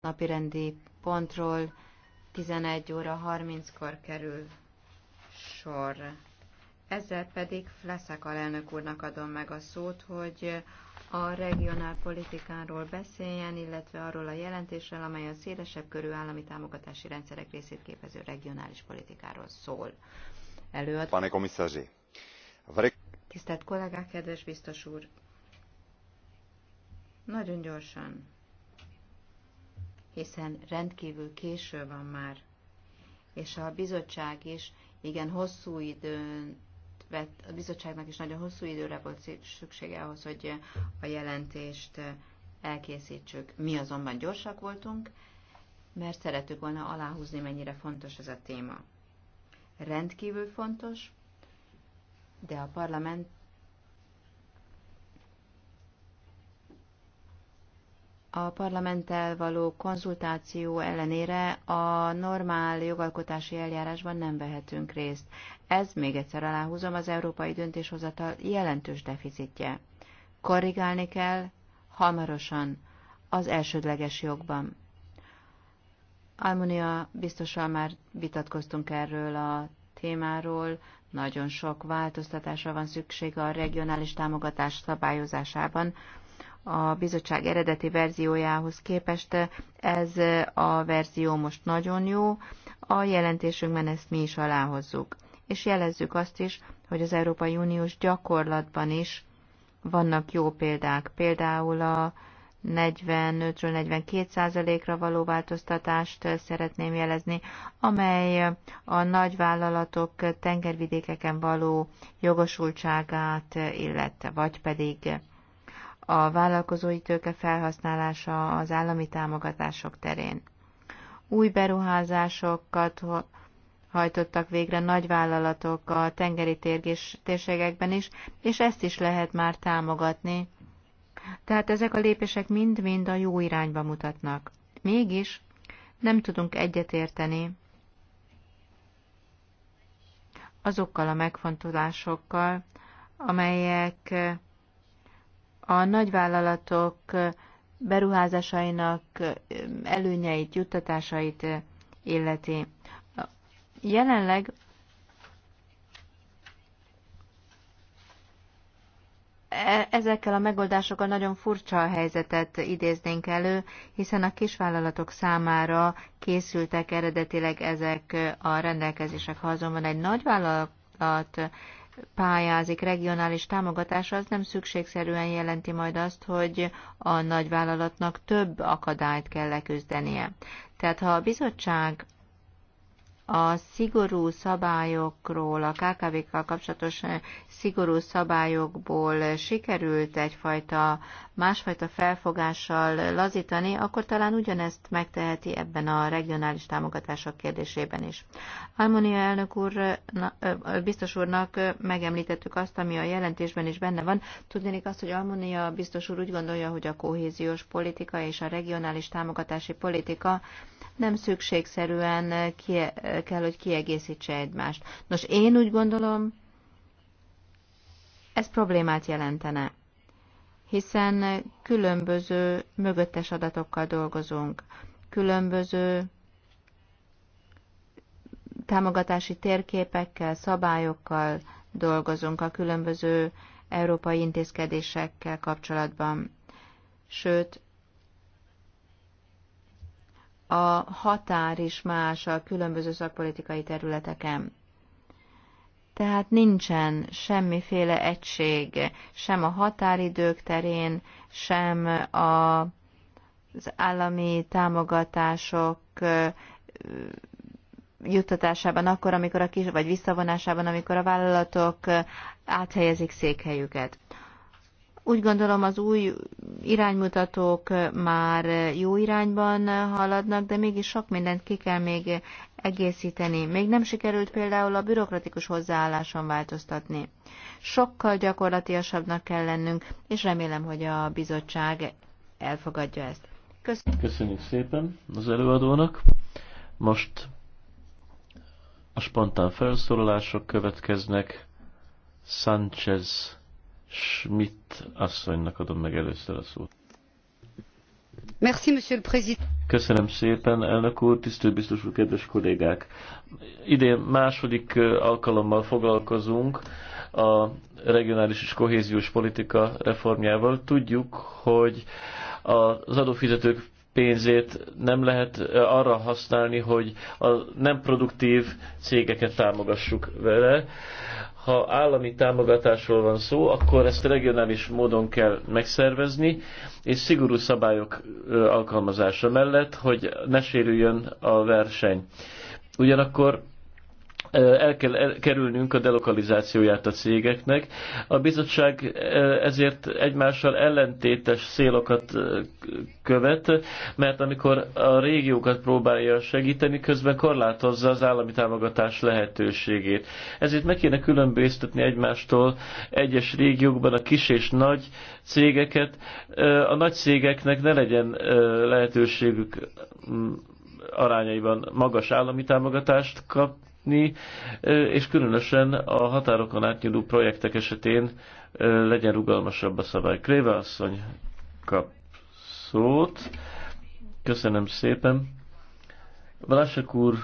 napirendi pontról 11 óra 30-kor kerül sor. Ezzel pedig Fleszek alelnök úrnak adom meg a szót, hogy a regionálpolitikáról beszéljen, illetve arról a jelentésről, amely a szélesebb körű állami támogatási rendszerek részét képező regionális politikáról szól. Előad... Pane komisszári. Vare... Tisztelt kollégák, kedves biztos úr! Nagyon gyorsan hiszen rendkívül késő van már, és a bizottság is igen hosszú időn vett, a bizottságnak is nagyon hosszú időre volt szüksége ahhoz, hogy a jelentést elkészítsük. Mi azonban gyorsak voltunk, mert szeretük volna aláhúzni, mennyire fontos ez a téma. Rendkívül fontos, de a parlament a parlamenttel való konzultáció ellenére a normál jogalkotási eljárásban nem vehetünk részt. Ez, még egyszer aláhúzom, az európai döntéshozatal jelentős deficitje. Korrigálni kell hamarosan az elsődleges jogban. Almunia biztosan már vitatkoztunk erről a témáról, nagyon sok változtatásra van szükség a regionális támogatás szabályozásában, a bizottság eredeti verziójához képest ez a verzió most nagyon jó, a jelentésünkben ezt mi is aláhozzuk. És jelezzük azt is, hogy az Európai Uniós gyakorlatban is vannak jó példák, például a 45-ről 42 százalékra való változtatást szeretném jelezni, amely a nagyvállalatok tengervidékeken való jogosultságát illette, vagy pedig a vállalkozói tőke felhasználása az állami támogatások terén. Új beruházásokat hajtottak végre nagyvállalatok a tengeri térségekben is, és ezt is lehet már támogatni. Tehát ezek a lépések mind-mind a jó irányba mutatnak. Mégis nem tudunk egyetérteni azokkal a megfontolásokkal, amelyek a nagyvállalatok beruházásainak előnyeit, juttatásait illeti. Jelenleg e- ezekkel a megoldásokkal nagyon furcsa a helyzetet idéznénk elő, hiszen a kisvállalatok számára készültek eredetileg ezek a rendelkezések. Ha azonban egy nagyvállalat pályázik regionális támogatásra, az nem szükségszerűen jelenti majd azt, hogy a nagyvállalatnak több akadályt kell leküzdenie. Tehát ha a bizottság a szigorú szabályokról, a KKV-kkal kapcsolatos szigorú szabályokból sikerült egyfajta másfajta felfogással lazítani, akkor talán ugyanezt megteheti ebben a regionális támogatások kérdésében is. Almonia elnök úr, biztos úrnak megemlítettük azt, ami a jelentésben is benne van. Tudnék azt, hogy Almonia biztos úr úgy gondolja, hogy a kohéziós politika és a regionális támogatási politika nem szükségszerűen ki, kell, hogy kiegészítse egymást. Nos, én úgy gondolom, ez problémát jelentene, hiszen különböző mögöttes adatokkal dolgozunk, különböző támogatási térképekkel, szabályokkal dolgozunk a különböző európai intézkedésekkel kapcsolatban. Sőt, a határ is más a különböző szakpolitikai területeken. Tehát nincsen semmiféle egység, sem a határidők terén, sem a, az állami támogatások juttatásában akkor, amikor a kis, vagy visszavonásában, amikor a vállalatok áthelyezik székhelyüket. Úgy gondolom az új iránymutatók már jó irányban haladnak, de mégis sok mindent ki kell még egészíteni. Még nem sikerült például a bürokratikus hozzáálláson változtatni. Sokkal gyakorlatiasabbnak kell lennünk, és remélem, hogy a bizottság elfogadja ezt. Köszönjük, Köszönjük szépen az előadónak. Most a spontán felszólalások következnek. Sanchez Schmidt asszonynak adom meg először a szót. Merci, monsieur le président. Köszönöm szépen, elnök úr, tisztelt biztos úr, kedves kollégák! Idén második alkalommal foglalkozunk a regionális és kohéziós politika reformjával. Tudjuk, hogy az adófizetők pénzét nem lehet arra használni, hogy a nem produktív cégeket támogassuk vele. Ha állami támogatásról van szó, akkor ezt regionális módon kell megszervezni, és szigorú szabályok alkalmazása mellett, hogy ne sérüljön a verseny. Ugyanakkor el kell kerülnünk a delokalizációját a cégeknek. A bizottság ezért egymással ellentétes szélokat követ, mert amikor a régiókat próbálja segíteni, közben korlátozza az állami támogatás lehetőségét. Ezért meg kéne különböztetni egymástól egyes régiókban a kis és nagy cégeket. A nagy cégeknek ne legyen lehetőségük arányaiban magas állami támogatást kap, lépni, és különösen a határokon átnyúló projektek esetén legyen rugalmasabb a szabály. Kréve asszony kap szót. Köszönöm szépen. Valásek úr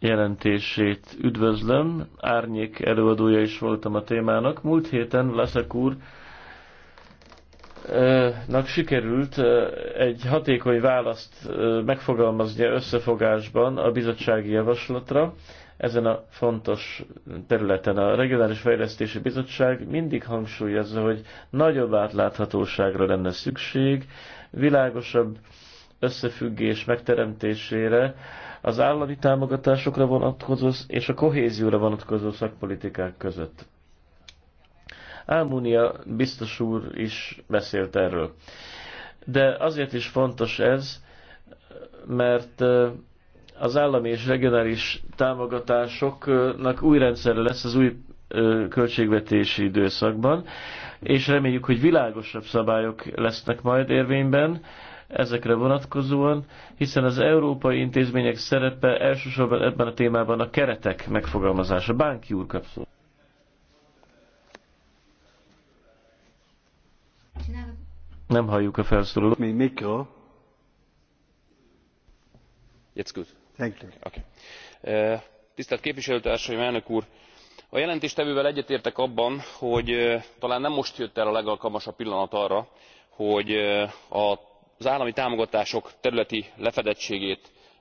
jelentését üdvözlöm. Árnyék előadója is voltam a témának. Múlt héten Vlaszek úr nak sikerült egy hatékony választ megfogalmazni összefogásban a bizottsági javaslatra. Ezen a fontos területen a Regionális Fejlesztési Bizottság mindig hangsúlyozza, hogy nagyobb átláthatóságra lenne szükség, világosabb összefüggés megteremtésére, az állami támogatásokra vonatkozó és a kohézióra vonatkozó szakpolitikák között. Álmunia biztos úr is beszélt erről. De azért is fontos ez, mert az állami és regionális támogatásoknak új rendszerre lesz az új költségvetési időszakban, és reméljük, hogy világosabb szabályok lesznek majd érvényben ezekre vonatkozóan, hiszen az európai intézmények szerepe elsősorban ebben a témában a keretek megfogalmazása. Bánki úr kapszol. Nem halljuk a felszólalót. Mi mikro? It's good. Thank you. Okay. Uh, tisztelt képviselőtársaim, elnök úr! A jelentéstevővel egyetértek abban, hogy uh, talán nem most jött el a legalkalmasabb pillanat arra, hogy uh, az állami támogatások területi lefedettségét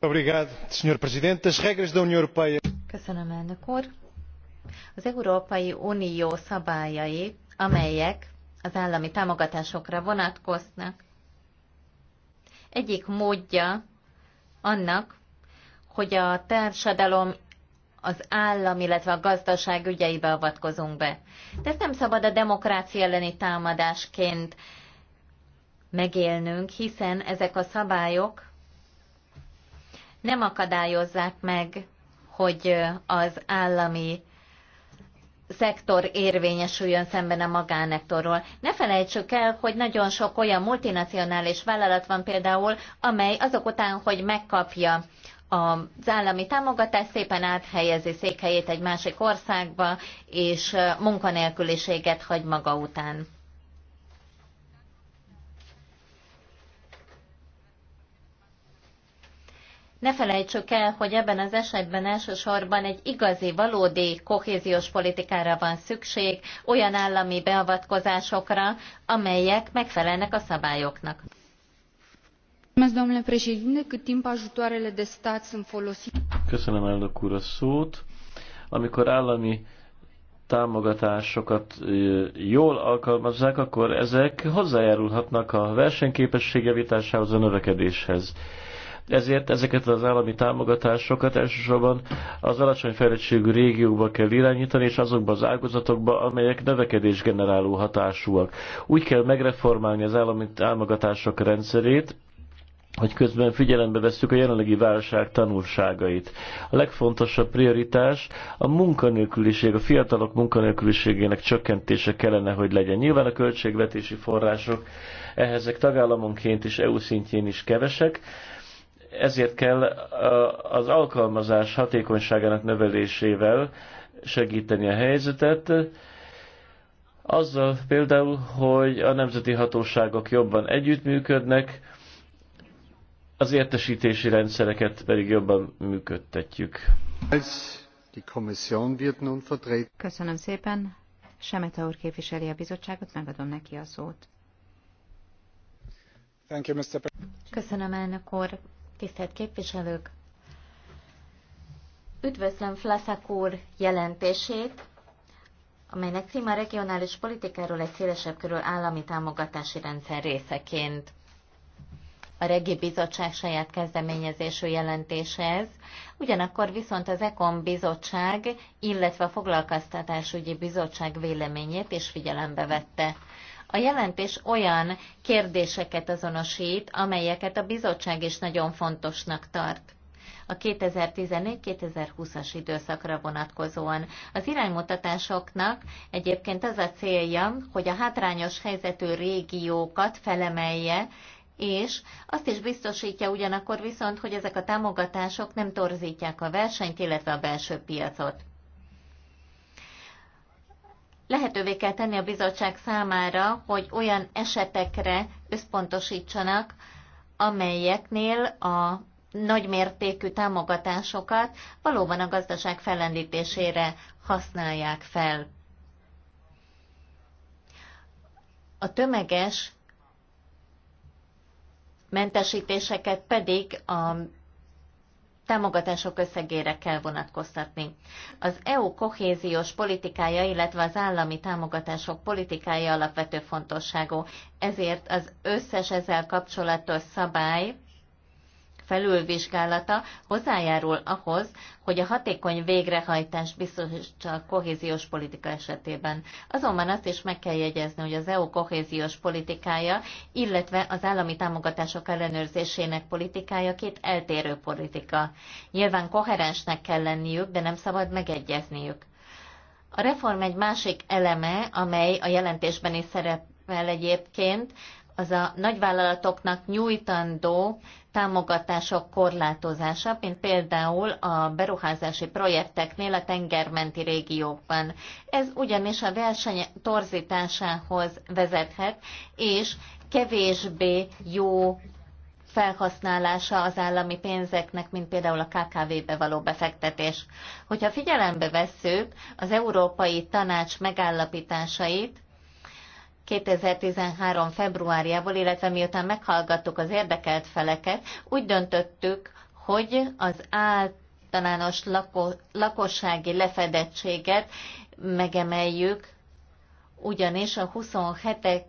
Az Európai Unió szabályai, amelyek az állami támogatásokra vonatkoznak, egyik módja annak, hogy a társadalom az állam, illetve a gazdaság ügyeibe avatkozunk be. De ezt nem szabad a demokrácia elleni támadásként megélnünk, hiszen ezek a szabályok nem akadályozzák meg, hogy az állami szektor érvényesüljön szemben a magánektorról. Ne felejtsük el, hogy nagyon sok olyan multinacionális vállalat van például, amely azok után, hogy megkapja az állami támogatást szépen áthelyezi székhelyét egy másik országba, és munkanélküliséget hagy maga után. Ne felejtsük el, hogy ebben az esetben elsősorban egy igazi, valódi kohéziós politikára van szükség, olyan állami beavatkozásokra, amelyek megfelelnek a szabályoknak. Köszönöm elnök úr a szót. Amikor állami támogatásokat jól alkalmazzák, akkor ezek hozzájárulhatnak a versenyképesség javításához, a növekedéshez ezért ezeket az állami támogatásokat elsősorban az alacsony fejlettségű régiókba kell irányítani, és azokba az ágazatokba, amelyek növekedés generáló hatásúak. Úgy kell megreformálni az állami támogatások rendszerét, hogy közben figyelembe vesszük a jelenlegi válság tanulságait. A legfontosabb prioritás a munkanélküliség, a fiatalok munkanélküliségének csökkentése kellene, hogy legyen. Nyilván a költségvetési források ehhezek tagállamonként és EU szintjén is kevesek, ezért kell az alkalmazás hatékonyságának növelésével segíteni a helyzetet, azzal például, hogy a nemzeti hatóságok jobban együttműködnek, az értesítési rendszereket pedig jobban működtetjük. Köszönöm szépen. Semeta úr képviseli a bizottságot, megadom neki a szót. Köszönöm, elnök úr tisztelt képviselők! Üdvözlöm Flaszak úr jelentését, amelynek címe a regionális politikáról egy szélesebb körül állami támogatási rendszer részeként. A Regi Bizottság saját kezdeményezésű jelentése ez, ugyanakkor viszont az EKOM Bizottság, illetve a Foglalkoztatásügyi Bizottság véleményét is figyelembe vette. A jelentés olyan kérdéseket azonosít, amelyeket a bizottság is nagyon fontosnak tart a 2014-2020-as időszakra vonatkozóan. Az iránymutatásoknak egyébként az a célja, hogy a hátrányos helyzetű régiókat felemelje, és azt is biztosítja ugyanakkor viszont, hogy ezek a támogatások nem torzítják a versenyt, illetve a belső piacot lehetővé kell tenni a bizottság számára, hogy olyan esetekre összpontosítsanak, amelyeknél a nagymértékű támogatásokat valóban a gazdaság fellendítésére használják fel. A tömeges mentesítéseket pedig a támogatások összegére kell vonatkoztatni. Az EU kohéziós politikája, illetve az állami támogatások politikája alapvető fontosságú, ezért az összes ezzel kapcsolatos szabály felülvizsgálata hozzájárul ahhoz, hogy a hatékony végrehajtás biztosítsa a kohéziós politika esetében. Azonban azt is meg kell jegyezni, hogy az EU kohéziós politikája, illetve az állami támogatások ellenőrzésének politikája két eltérő politika. Nyilván koherensnek kell lenniük, de nem szabad megegyezniük. A reform egy másik eleme, amely a jelentésben is szerepel egyébként, az a nagyvállalatoknak nyújtandó támogatások korlátozása, mint például a beruházási projekteknél a tengermenti régiókban. Ez ugyanis a verseny torzításához vezethet, és kevésbé jó felhasználása az állami pénzeknek, mint például a KKV-be való befektetés. Hogyha figyelembe vesszük az Európai Tanács megállapításait, 2013. februárjából, illetve miután meghallgattuk az érdekelt feleket, úgy döntöttük, hogy az általános lako- lakossági lefedettséget megemeljük, ugyanis a 27-ek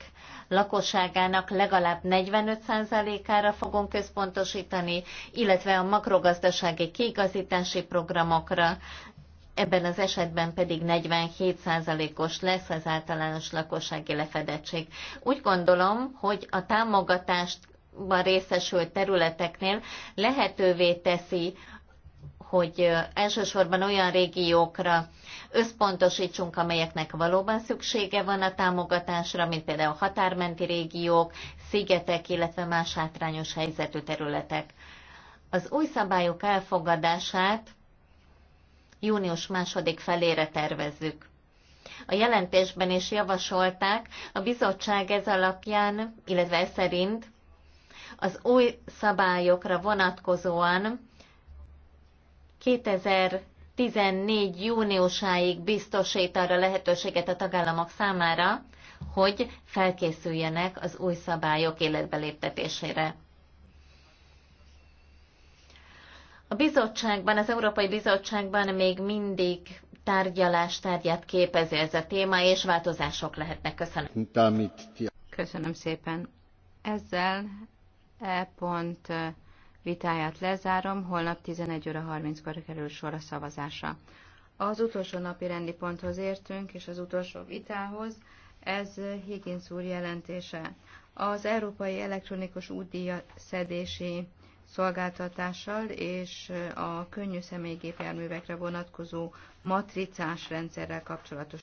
lakosságának legalább 45%-ára fogunk központosítani, illetve a makrogazdasági kiigazítási programokra, ebben az esetben pedig 47%-os lesz az általános lakossági lefedettség. Úgy gondolom, hogy a támogatást részesült területeknél lehetővé teszi, hogy elsősorban olyan régiókra összpontosítsunk, amelyeknek valóban szüksége van a támogatásra, mint például határmenti régiók, szigetek, illetve más hátrányos helyzetű területek. Az új szabályok elfogadását június második felére tervezzük. A jelentésben is javasolták, a bizottság ez alapján, illetve ez szerint az új szabályokra vonatkozóan 2014. júniusáig biztosít arra lehetőséget a tagállamok számára, hogy felkészüljenek az új szabályok életbeléptetésére. A bizottságban, az Európai Bizottságban még mindig tárgyalás tárgyát képezi ez a téma, és változások lehetnek. Köszönöm. Köszönöm szépen. Ezzel e pont e, vitáját lezárom, holnap 11 óra 30-kor kerül sor a szavazása. Az utolsó napi rendi ponthoz értünk, és az utolsó vitához, ez Higgins úr jelentése. Az Európai Elektronikus Útdíja szedési szolgáltatással és a könnyű személygépjárművekre vonatkozó matricás rendszerrel kapcsolatos